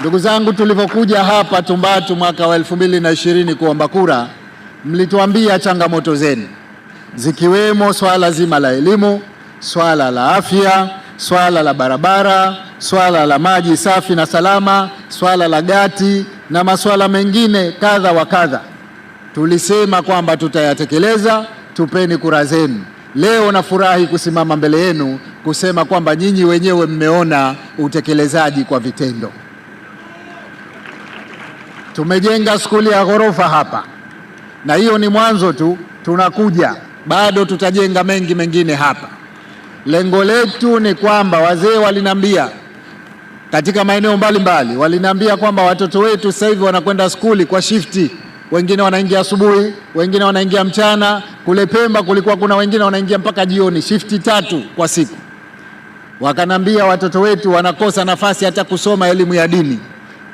Ndugu zangu, tulivyokuja hapa Tumbatu mwaka wa elfu mbili na ishirini kuomba kura, mlituambia changamoto zenu zikiwemo swala zima la elimu, swala la afya, swala la barabara, swala la maji safi na salama, swala la gati na masuala mengine kadha wa kadha. Tulisema kwamba tutayatekeleza, tupeni kura zenu. Leo nafurahi kusimama mbele yenu kusema kwamba nyinyi wenyewe mmeona utekelezaji kwa vitendo. Tumejenga skuli ya ghorofa hapa, na hiyo ni mwanzo tu, tunakuja bado tutajenga mengi mengine hapa. Lengo letu ni kwamba wazee walinambia katika maeneo mbalimbali, walinambia kwamba watoto wetu sasa hivi wanakwenda skuli kwa shifti, wengine wanaingia asubuhi, wengine wanaingia mchana. Kule Pemba kulikuwa kuna wengine wanaingia mpaka jioni, shifti tatu kwa siku. Wakanambia watoto wetu wanakosa nafasi hata kusoma elimu ya dini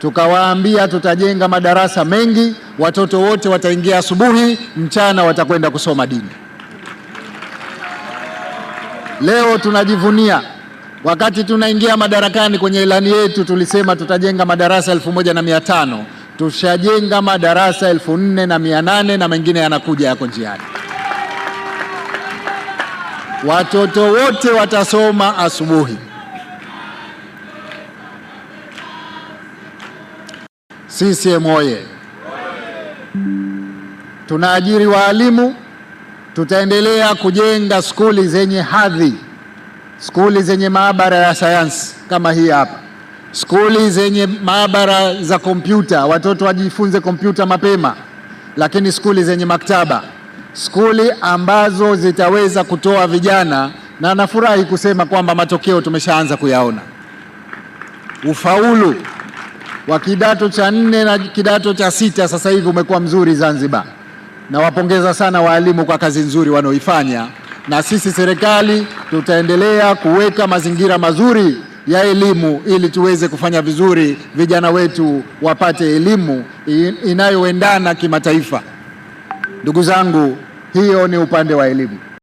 tukawaambia tutajenga madarasa mengi, watoto wote wataingia asubuhi, mchana watakwenda kusoma dini. Leo tunajivunia, wakati tunaingia madarakani, kwenye ilani yetu tulisema tutajenga madarasa elfu moja na mia tano tushajenga madarasa elfu nne na mia nane na mengine yanakuja, yako njiani. Watoto wote watasoma asubuhi. CCM oye! Tunaajiri waalimu, tutaendelea kujenga skuli zenye hadhi, skuli zenye maabara ya sayansi kama hii hapa, skuli zenye maabara za kompyuta, watoto wajifunze kompyuta mapema, lakini skuli zenye maktaba, skuli ambazo zitaweza kutoa vijana, na nafurahi kusema kwamba matokeo tumeshaanza kuyaona ufaulu wa kidato cha nne na kidato cha sita sasa hivi umekuwa mzuri Zanzibar. Nawapongeza sana waalimu kwa kazi nzuri wanaoifanya, na sisi serikali tutaendelea kuweka mazingira mazuri ya elimu ili tuweze kufanya vizuri, vijana wetu wapate elimu inayoendana kimataifa. Ndugu zangu, hiyo ni upande wa elimu.